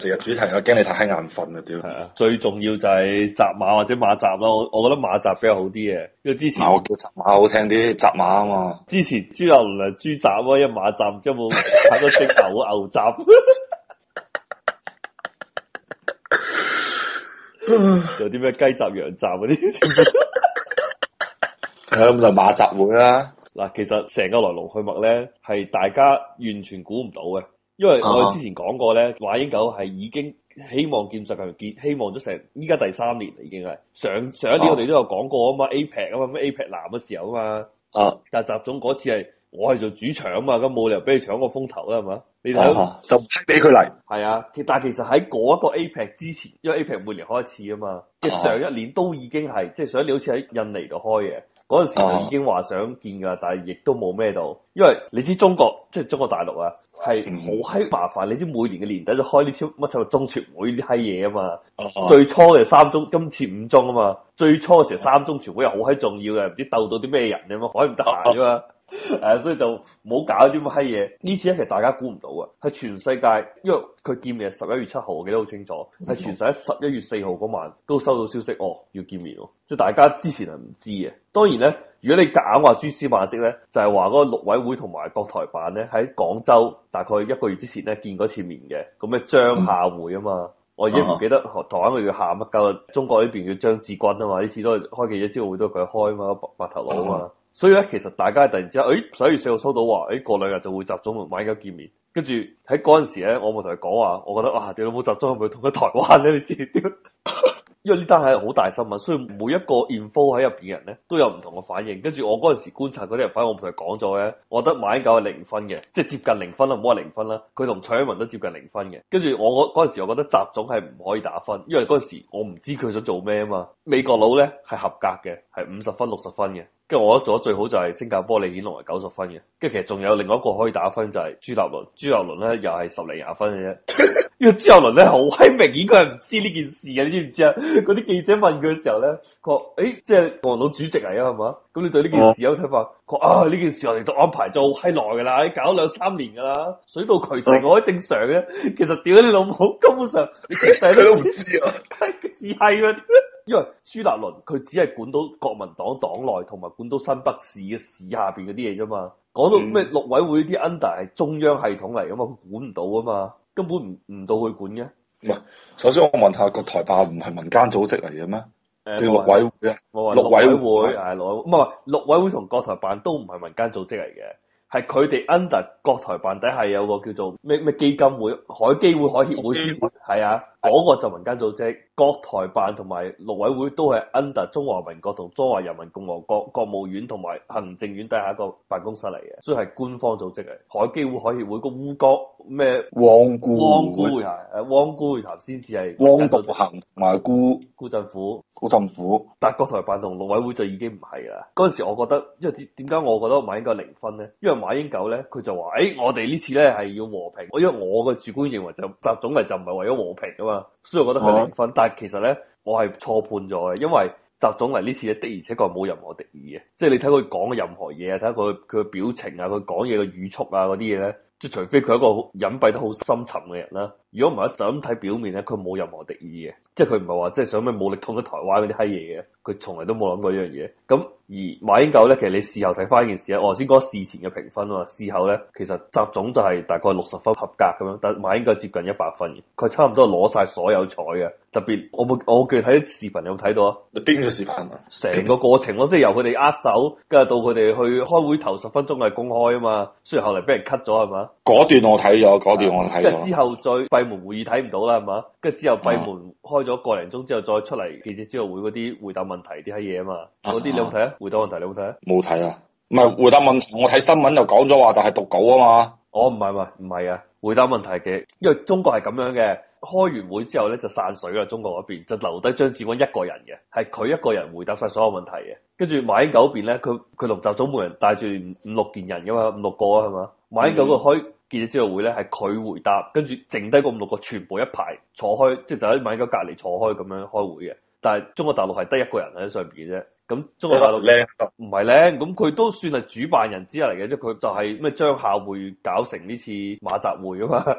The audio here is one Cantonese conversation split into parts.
成日主題我驚你太眼瞓啊！屌，最重要就係習馬或者馬習咯，我我覺得馬習比較好啲嘅，因為之前我叫習馬好聽啲，習馬啊嘛。之前豬牛嚟豬雜咯，一馬集即係冇買個整牛啊牛雜，有啲咩雞雜、羊雜嗰啲，咁就馬習會啦。嗱，其實成個來龍去脈咧，係大家完全估唔到嘅。因為我哋之前講過咧，馬英九係已經希望見習近平，希望咗成依家第三年，已經係上上一年，我哋都有講過啊嘛。APEC 啊嘛，咩 APEC 南嘅時候啊嘛，啊但係習總嗰次係我係做主場啊嘛，咁冇理由俾你搶個風頭啦，係嘛？你睇就唔俾佢嚟係啊。其、啊、但係其實喺嗰一個 APEC 之前，因為 APEC 每年開一次啊嘛，即係上一年都已經係，即係上一年好似喺印尼度開嘅。嗰陣時就已經話想見㗎，但係亦都冇咩到，因為你知中國即係中國大陸啊，係好閪麻煩。你知每年嘅年底就開呢超乜柒中全會呢？閪嘢啊嘛。最初嘅三中今次五中啊嘛，最初嘅時候三中全會又好閪重要嘅，唔知鬥到啲咩人啊嘛，我唔得閒啫嘛。Uh huh. 誒， 所以就冇搞啲乜嘢。呢次咧，其實大家估唔到啊，係全世界，因為佢見面係十一月七號，我記得好清楚，係全世喺十一月四號嗰晚都收到消息，哦，要見面喎。即係大家之前係唔知嘅。當然咧，如果你夾硬話蛛絲馬迹咧，就係話嗰陸委會同埋國台辦咧喺廣州大概一個月之前咧見嗰次面嘅。咁啊張夏會啊嘛，嗯、我已經唔記得台灣佢叫夏乜鳩，中國呢邊叫張志軍啊嘛。呢次都係開記者招待會都係佢開啊嘛，白頭佬啊嘛。嗯所以咧，其實大家突然之間，誒、哎，十一月四號收到話，誒、哎，過兩日就會習總同馬英九見面，跟住喺嗰陣時咧，我咪同佢講話，我覺得哇，你老母習總去同佢台灣咧？你知點？ 因為呢單係好大新聞，所以每一個 info 喺入邊嘅人咧，都有唔同嘅反應。跟住我嗰陣時觀察嗰啲人反應，我同佢講咗嘅，我覺得馬英九係零分嘅，即係接近零分啦，唔好話零分啦。佢同蔡英文都接近零分嘅。跟住我嗰嗰陣時，我覺得習總係唔可以打分，因為嗰陣時我唔知佢想做咩啊嘛。美國佬咧係合格嘅，係五十分六十分嘅。跟住我覺得做得最好就係新加坡李顯龍係九十分嘅，跟住其實仲有另外一個可以打分就係、是、朱立倫，朱立倫咧又係十零廿分嘅啫。 因為朱立倫咧好閪明顯，佢係唔知呢件事嘅，你知唔知啊？嗰啲 記者問佢嘅時候咧，佢誒、欸、即係王老主席嚟、哦、啊，係嘛？咁你對呢件事有睇法？佢啊，呢件事我哋都安排咗好閪耐噶啦，你搞兩三年噶啦，水到渠成我都正常嘅。其實屌你老母，根本上你真係佢都唔知，道 都不知道啊，佢知係咩？因為朱立倫佢只係管到國民黨黨內同埋管到新北市嘅市下邊嗰啲嘢啫嘛，講到咩陸、嗯、委會啲 under 係中央系統嚟噶嘛，佢管唔到啊嘛，根本唔唔到佢管嘅。唔係，首先我問下，國台辦唔係民間組織嚟嘅咩？啲陸、哎、委會啊，陸說委會係陸，唔係陸委會同國嗎台辦都唔係民間組織嚟嘅。係佢哋 under 國台辦底下有個叫做咩咩基金會、海基會、海協會先係啊，嗰、嗰個就民間組織。國台辦同埋陸委會都係 under 中華民國同中華人民共和國國務院同埋行政院底下一個辦公室嚟嘅，所以係官方組織嚟。海基會、海協會個烏江咩汪辜，孤汪辜，係汪辜，頭先至係汪道行同埋辜振甫。辜振甫，但國台辦同陸委會就已經唔係啦。嗰陣時我覺得，因為點解我覺得咪應該離婚咧？因為馬英九咧，佢就話，誒、哎，我哋呢次咧係要和平。我因為我嘅主觀認為就習總理就唔係為咗和平啊嘛，所以我覺得佢零分。哦、但係其實咧，我係錯判咗嘅，因為習總理呢次咧的而且確冇任何敵意嘅，即係你睇佢講嘅任何嘢啊，睇下佢佢嘅表情啊，佢講嘢嘅語速啊嗰啲嘢咧，即係除非佢係一個隱蔽得好深沉嘅人啦。如果唔係一就咁睇表面咧，佢冇任何敵意嘅，即係佢唔係話即係想咩武力統一台灣嗰啲閪嘢嘅，佢從來都冇諗過呢樣嘢。咁而馬英九咧，其實你事後睇翻件事咧，我頭先講事前嘅評分啊嘛，事後咧其實習總就係大概六十分合格咁樣，但馬英九接近一百分，佢差唔多攞晒所有彩嘅。特別我冇我記睇視頻有冇睇到啊，邊個視頻啊？成個過程咯，即係由佢哋握手，跟住到佢哋去開會頭十分鐘係公開啊嘛，雖然後嚟俾人 cut 咗係嘛？嗰段我睇咗，嗰段我睇咗。啊、之後再閉門會議睇唔到啦，係嘛？跟住之後閉門開咗個零鐘之後，再出嚟記者招待會嗰啲回答問題啲係嘢啊嘛，嗰啲你有冇睇啊？回答問題你有冇睇啊？冇睇啊？唔係回答問題，我睇新聞又講咗話就係讀稿啊嘛。哦，唔係唔係唔係啊！回答問題嘅，因為中國係咁樣嘅，開完會之後咧就散水啦，中國嗰邊就留低張志軍一個人嘅，係佢一個人回答晒所有問題嘅。跟住馬英九嗰邊咧，佢佢龍澤總部人帶住五六件人噶嘛，五六個啊係嘛，馬英九個開。嗯記者招待會咧，係佢回答，跟住剩低嗰五六個全部一排坐開，即係就喺馬英九隔籬坐開咁樣開會嘅。但係中國大陸係得一個人喺上邊嘅啫。咁中國大陸咧，唔係咧，咁佢都算係主辦人之一嚟嘅，即係佢就係咩張夏會，搞成呢次馬習會啊嘛。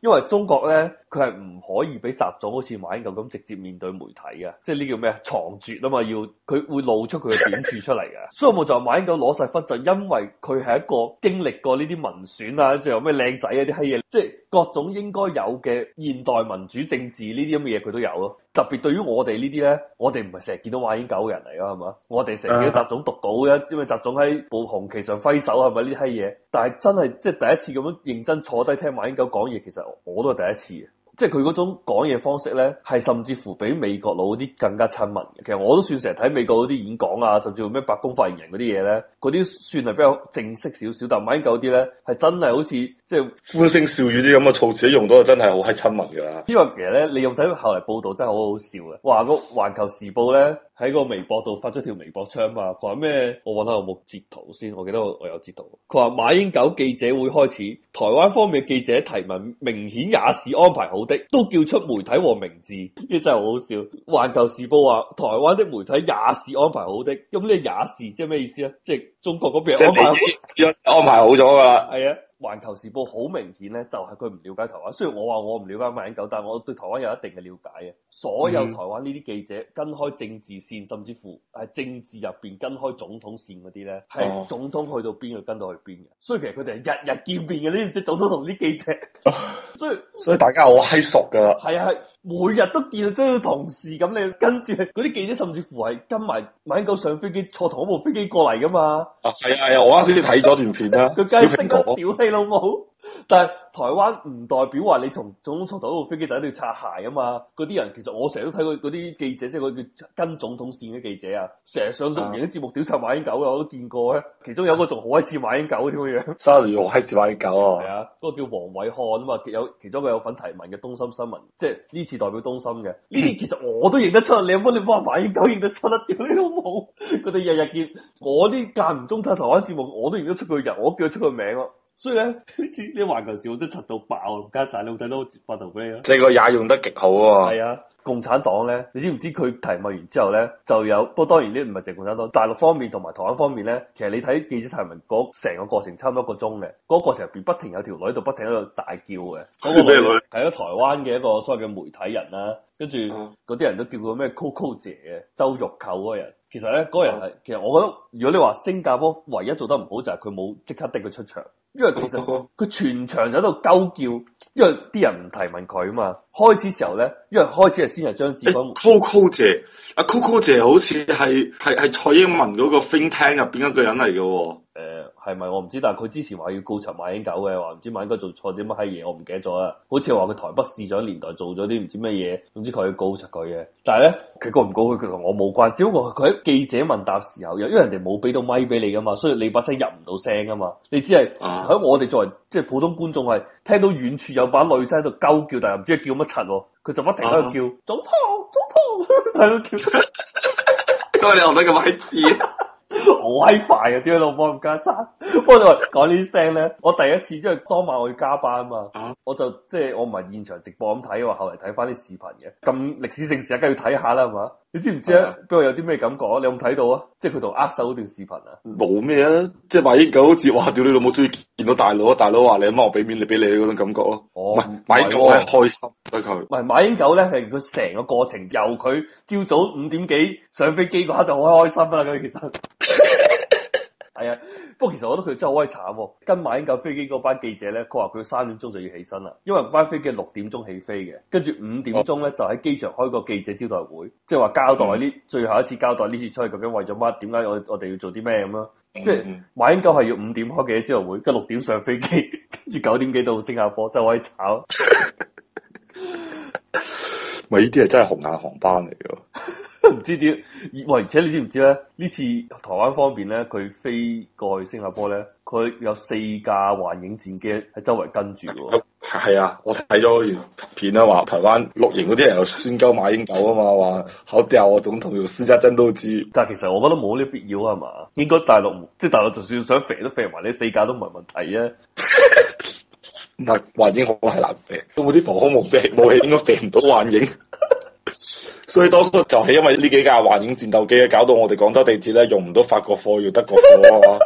因為中國咧。佢係唔可以俾習總好似馬英九咁直接面對媒體嘅，即係呢叫咩啊？藏拙啊嘛，要佢會露出佢嘅短處出嚟嘅。所以我就話馬英九攞晒分，就因為佢係一個經歷過呢啲民選啦、啊，仲有咩靚仔啊啲閪嘢，即係各種應該有嘅現代民主政治呢啲咁嘅嘢佢都有咯、啊。特別對於我哋呢啲咧，我哋唔係成日見到馬英九嘅人嚟噶係嘛？我哋成日見習總讀稿嘅，因為習總喺紅旗上揮手係咪呢啲閪嘢？但係真係即係第一次咁樣認真坐低聽馬英九講嘢，其實我都係第一次。即係佢嗰種講嘢方式咧，係甚至乎比美國佬啲更加親民。其實我都算成日睇美國嗰啲演講啊，甚至乎咩白宮發言人嗰啲嘢咧，嗰啲算係比較正式少少。但係馬英九啲咧係真係好似即係歡聲笑語啲咁嘅措辭用到，真係好閪親民㗎啦。因為其實咧，你又睇後嚟報道，真係好好笑嘅。話個《環球時報》咧。喺個微博度發咗條微博槍，佢話咩？我問下我沒有冇截圖先，我記得我有截圖。佢話，馬英九記者會開始，台灣方面的記者提問，明顯也是安排好的，都叫出媒體和名字，呢真係好好笑。環球時報話台灣的媒體也是安排好的，咁呢也是即係咩意思啊？即係中國嗰邊安安排好咗噶啦，係啊。 環球時報好明顯咧，就係佢唔了解台灣。雖然我話我唔了解馬英九，但係我對台灣有一定嘅了解嘅。所有台灣呢啲記者跟開政治線，甚至乎政治入邊跟開總統線嗰啲咧，喺、哦、總統去到邊，就跟到去邊嘅。所以其實佢哋係日日見面嘅，你知唔知總統同啲記者， 所以所以大家好閪熟噶啦。係啊係。每日都見到張同事咁，你跟住嗰啲記者，甚至乎係跟埋晚九上飛機，坐同一部飛機過嚟㗎嘛？啊， 係啊，我啱先睇咗段片啦，小蘋果屌你老母！但係台灣唔代表話你同總統坐到個飛機仔都要擦鞋啊嘛！嗰啲人其實我成日都睇過嗰啲記者，即係佢叫跟總統線嘅記者啊，成日上錄影節目屌擦馬英九嘅。我都見過咧。其中有一個仲好閪似馬英九添嘅 Sorry, 樣，沙士仲好閪似馬英九啊！係啊，嗰、那個叫黃偉漢啊嘛，有其中一個有份提問嘅東森新聞，即係呢次代表東森嘅呢啲，嗯、其實我都認得出。你有冇你媽馬英九認得出得屌你都冇，佢哋日日見我啲間唔中睇台灣節目，我都認得出佢人，我叫得出佢名咯。所以咧，呢次啲環球時報真係柒到爆，家姐，你好睇到幅圖俾你啊！這個也用得極好喎、啊。係啊，共產黨咧，你知唔知佢提問完之後咧，就有不過當然呢，唔係淨共產黨，大陸方面同埋台灣方面咧，其實你睇記者提問嗰成個過程差唔多一個鐘嘅，嗰、那個過程入邊不停有條女喺度不停喺度大叫嘅。嗰、那個咩女？係咗台灣嘅一個所謂嘅媒體人啦、啊，跟住嗰啲人都叫佢咩？Coco 姐，co je, 周玉蔻嗰個人。其實咧，嗰、那個人係、嗯、其實我覺得，如果你話新加坡唯一做得唔好就係佢冇即刻拎佢出場。因為其實佢全場就喺度鳩叫，因為啲人唔提問佢啊嘛。開始時候咧，因為開始係先係張志軍。Coco、哎、姐，阿 Coco 姐好似是係蔡英文嗰個 think tank 入邊一個人嚟嘅喎。誒，係咪、呃、我唔知道？但係佢之前話要告層馬英九嘅，話唔知馬英九做錯啲乜嘢，我唔記得咗啦。好似話佢台北市長年代做咗啲唔知乜嘢，總之佢要告出佢嘅。但係咧，佢告唔告佢，佢同我冇關。只不過佢喺記者問答時候，因為人哋冇俾到咪俾你噶嘛，所以你把聲入唔到聲噶嘛。你只係喺我哋作為即係普通觀眾係聽到遠處有把女聲喺度高叫，但係唔知道叫乜柒、啊。佢就不停喺度叫、啊、總統，總統，睇佢叫，你學得咁閪似。 好威快啊！點解老婆咁加叉？不過你話講呢聲咧，我第一次，因為當晚我要加班嘛，我就即係我唔係現場直播咁睇，我後嚟睇翻啲視頻嘅。咁歷史性時刻梗要睇下啦，係嘛？你知唔知啊？不過有啲咩感覺啊？哎、呀你有冇睇到啊？即係佢同握手嗰段視頻啊？冇咩啊？即係馬英九好似哇！屌你老母，鍾意見到大佬啊！嗯、大佬話你阿媽我俾面你俾你嗰種感覺咯。唔係、哦、馬英九開開心對佢。唔係馬英九咧係佢成個過程，由佢朝早五點幾上飛機嗰刻就好開心啦咁，其實。 係啊，不過其實我覺得佢真係好鬼慘。跟馬英九飛機嗰班記者咧，佢話佢三點鐘就要起身啦，因為班飛機六點鐘起飛嘅，跟住五點鐘咧就喺機場開個記者招待會，即係話交代呢，嗯、最後一次交代呢次出去究竟為咗乜？點解我我哋要做啲咩咁咯？樣。嗯嗯，即係馬英九係要五點開記者招待會，跟六點上飛機，跟住九點幾到新加坡，就可以炒。 真係好鬼慘。咪呢啲係真係紅眼航班嚟嘅。都唔知點，喂！而且你知唔知咧？呢次台灣方面咧，佢飛過去新加坡咧，佢有四架幻影戰機喺周圍跟住。係啊，我睇咗片啊，話台灣綠營嗰啲人又酸鳩馬英九啊嘛，話好掉啊，總統用施家珍都知道。但係其實我覺得冇呢必要係嘛？應該大陸即係大陸，就算想飛都飛埋呢四架都唔係問題啊。 但幻影好係難飛，都冇啲防空冇器武器應該飛唔到幻影。 所以當初就係因為呢幾架幻影戰鬥機啊，搞到我哋廣州地鐵咧用唔到法國貨要德國貨啊，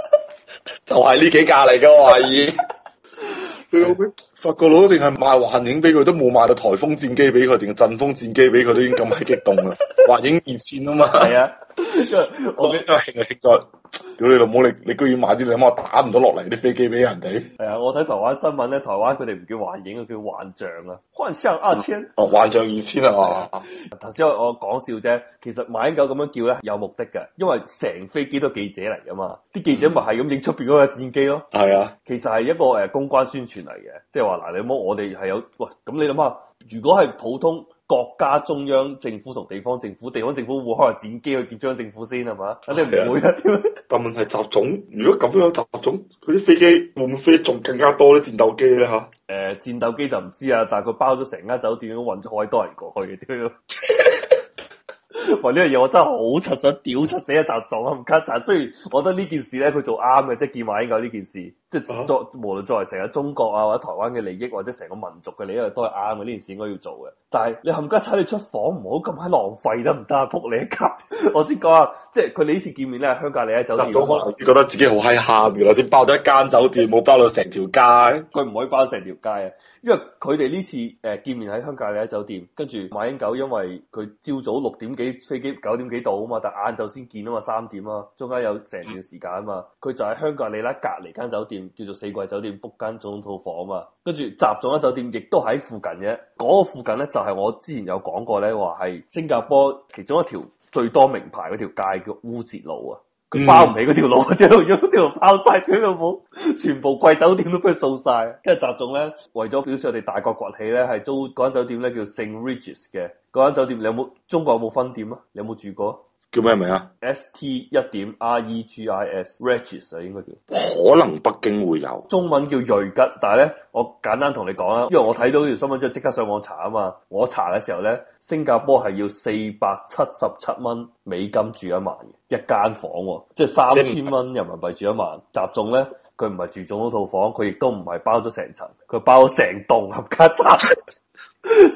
就係呢幾架嚟噶，我懷疑。 法國佬定係賣幻影俾佢，都冇賣到台風戰機俾佢，定係陣風戰機俾佢，都已經咁係激動啦。幻影2000先咯嘛？係啊。我邊都屌你老母！你你居然買啲，你諗打唔到落嚟啲飛機俾人哋。係啊，我睇台灣新聞咧，台灣佢哋唔叫幻影，佢叫幻象啊。可能升二千、嗯，哦，幻象二千啊！才我頭先我講笑啫，其實馬英九咁樣叫咧有目的嘅，因為成飛機都係記者嚟噶嘛，啲記者咪係咁影出邊嗰個戰機咯。係啊，其實係一個誒公關宣傳嚟嘅，即係話嗱，你諗我哋係有，喂，咁你諗下，如果係普通。國家中央政府同地方政府，地方政府會可能戰鬥機去見中央政府先係嘛？肯定唔會啊！但問題習總，如果咁樣習總，佢啲飛機會唔會飛得仲更加多啲戰鬥機咧吓？誒，戰鬥機、呃、就唔知啊，但佢包咗成間酒店都運咗好多人過去啊！屌！ 哇，呢樣嘢我真係好柒想屌柒死啊！習總冚家鏟，雖然我覺得呢件事咧佢做啱嘅，即係建華應該呢件事。啊、即係作無論作為成個中國啊或者台灣嘅利益或者成個民族嘅利益都係啱嘅，呢件事應該要做嘅。但係你冚家鏟你出房唔好咁閪浪費得唔得啊？仆你一級， 我先講下，即係佢哋呢次見面咧，喺香格里拉酒店，啊、覺得自己好閪慳原來，先包咗一間酒店，冇 包到成條街。佢唔可以包成條街啊，因為佢哋呢次誒見面喺香格里拉酒店，跟住馬英九因為佢朝早六點幾飛機九點幾到啊嘛，但晏晝先見啊嘛，三點啊，中間有成段時間啊嘛，佢就喺香格里拉隔離間酒店。叫做四季酒店 book 間總統套房嘛，啊，跟住習總咧，酒店亦都喺附近嘅。嗰、那個附近咧就係、是、我之前有講過咧話係新加坡其中一條最多名牌嗰條街叫烏節路啊，佢包唔起嗰條路，一，嗯、條路條包晒，全部全部貴酒店都俾佢掃晒，跟住習總咧為咗表示我哋大國崛起咧，係租間酒店咧叫 Saint Regis 嘅。嗰間酒店你有冇中國有冇分店啊？你有冇住過？叫咩名啊？S T 一點 R E G I S Regis 啊，應該叫。可能北京會有，中文叫瑞吉。但係咧，我簡單同你講啦，因為我睇到條新聞之後，即刻上網查啊嘛。我查嘅時候咧，新加坡係要四百七十七蚊美金住一晚嘅一間房，哦，即係三千蚊人民幣住一晚。集中咧，佢唔係住中嗰套房，佢亦都唔係包咗成層，佢包咗成棟合卡齊，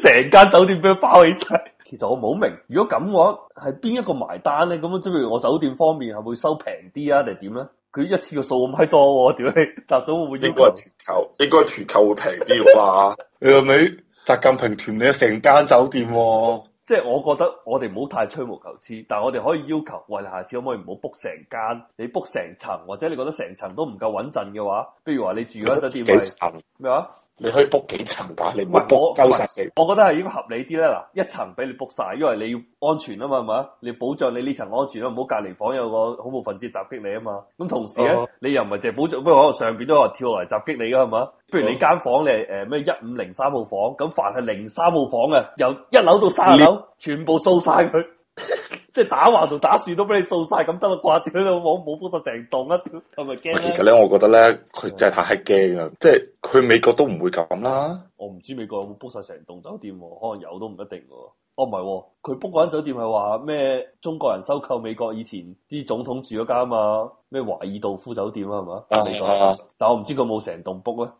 成 間酒店俾佢包起晒。其實我冇明，如果咁嘅話，係邊一個埋單咧？咁樣即係譬如我酒店方面係會收平啲啊，定係點咧？佢一次嘅數咁係多，屌你集中會，會用應該團購，應該團購會平啲啩？ 你諗下，你習近平團你成間酒店，哦，即係我覺得我哋唔好太吹毛求疵，但係我哋可以要求，未、哎、來下次可唔可以唔好 book 成間？你 book 成層，或者你覺得成層都唔夠穩陣嘅話，比如話你住咗酒店幾層咩啊？神你可以 book 幾層打你，唔係我夠晒死。我覺得係應該合理啲咧。嗱，一層俾你 book 晒，因為你要安全啊嘛，係嘛？你保障你呢層安全咯，唔好隔籬房有個恐怖分子襲擊你啊嘛。咁同時咧，哦、你又唔係淨係保障，不如我上邊都話跳落嚟襲擊你噶，係嘛？哦、不如你間房你係誒咩一五零三號房，咁凡係零三號房嘅，由一樓到三十樓，烈全部掃晒佢。 即係打橫同打豎都俾你掃晒，咁，真係掛屌喺度，冇冇 book 曬成棟啊？係咪驚？其實咧，我覺得咧，佢真係太驚啊！嗯、即係佢美國都唔會咁啦。我唔知美國有冇 book 曬成棟酒店喎、啊，可能有都唔一定喎、啊。哦，唔係、啊，佢 book 嗰間酒店係話咩？中國人收購美國以前啲總統住嗰間啊，咩華爾道夫酒店啊，係嘛？啊，美國啊但係我唔知佢冇成棟 book 咧。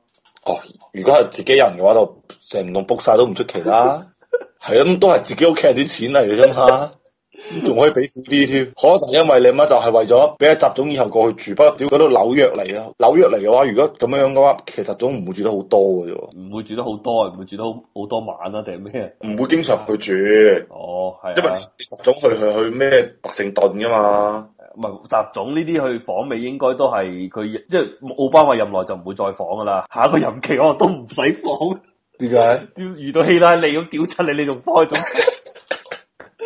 哦、啊，如果係自己人嘅話，就成棟 book 曬都唔出奇啦。係 啊，都係自己屋企啲錢嚟嘅啫嘛。 仲可以俾少啲添，可能因為你媽就係為咗俾阿習總以後過去住，不屌嗰度紐約嚟啊！紐約嚟嘅話，如果咁樣嘅話，其實總唔會住得好多嘅啫，唔會住得好多，唔會住得好好多晚啊？定係咩？唔會經常去住。哦，係、啊，因為習總去去去咩華盛頓噶嘛，唔係習總呢啲去訪美應該都，應該都係佢即係奧巴馬任內就唔會再訪噶啦，下一個任期我都唔使訪。點解？ 遇到希拉里咁屌柒你，你仲開咗？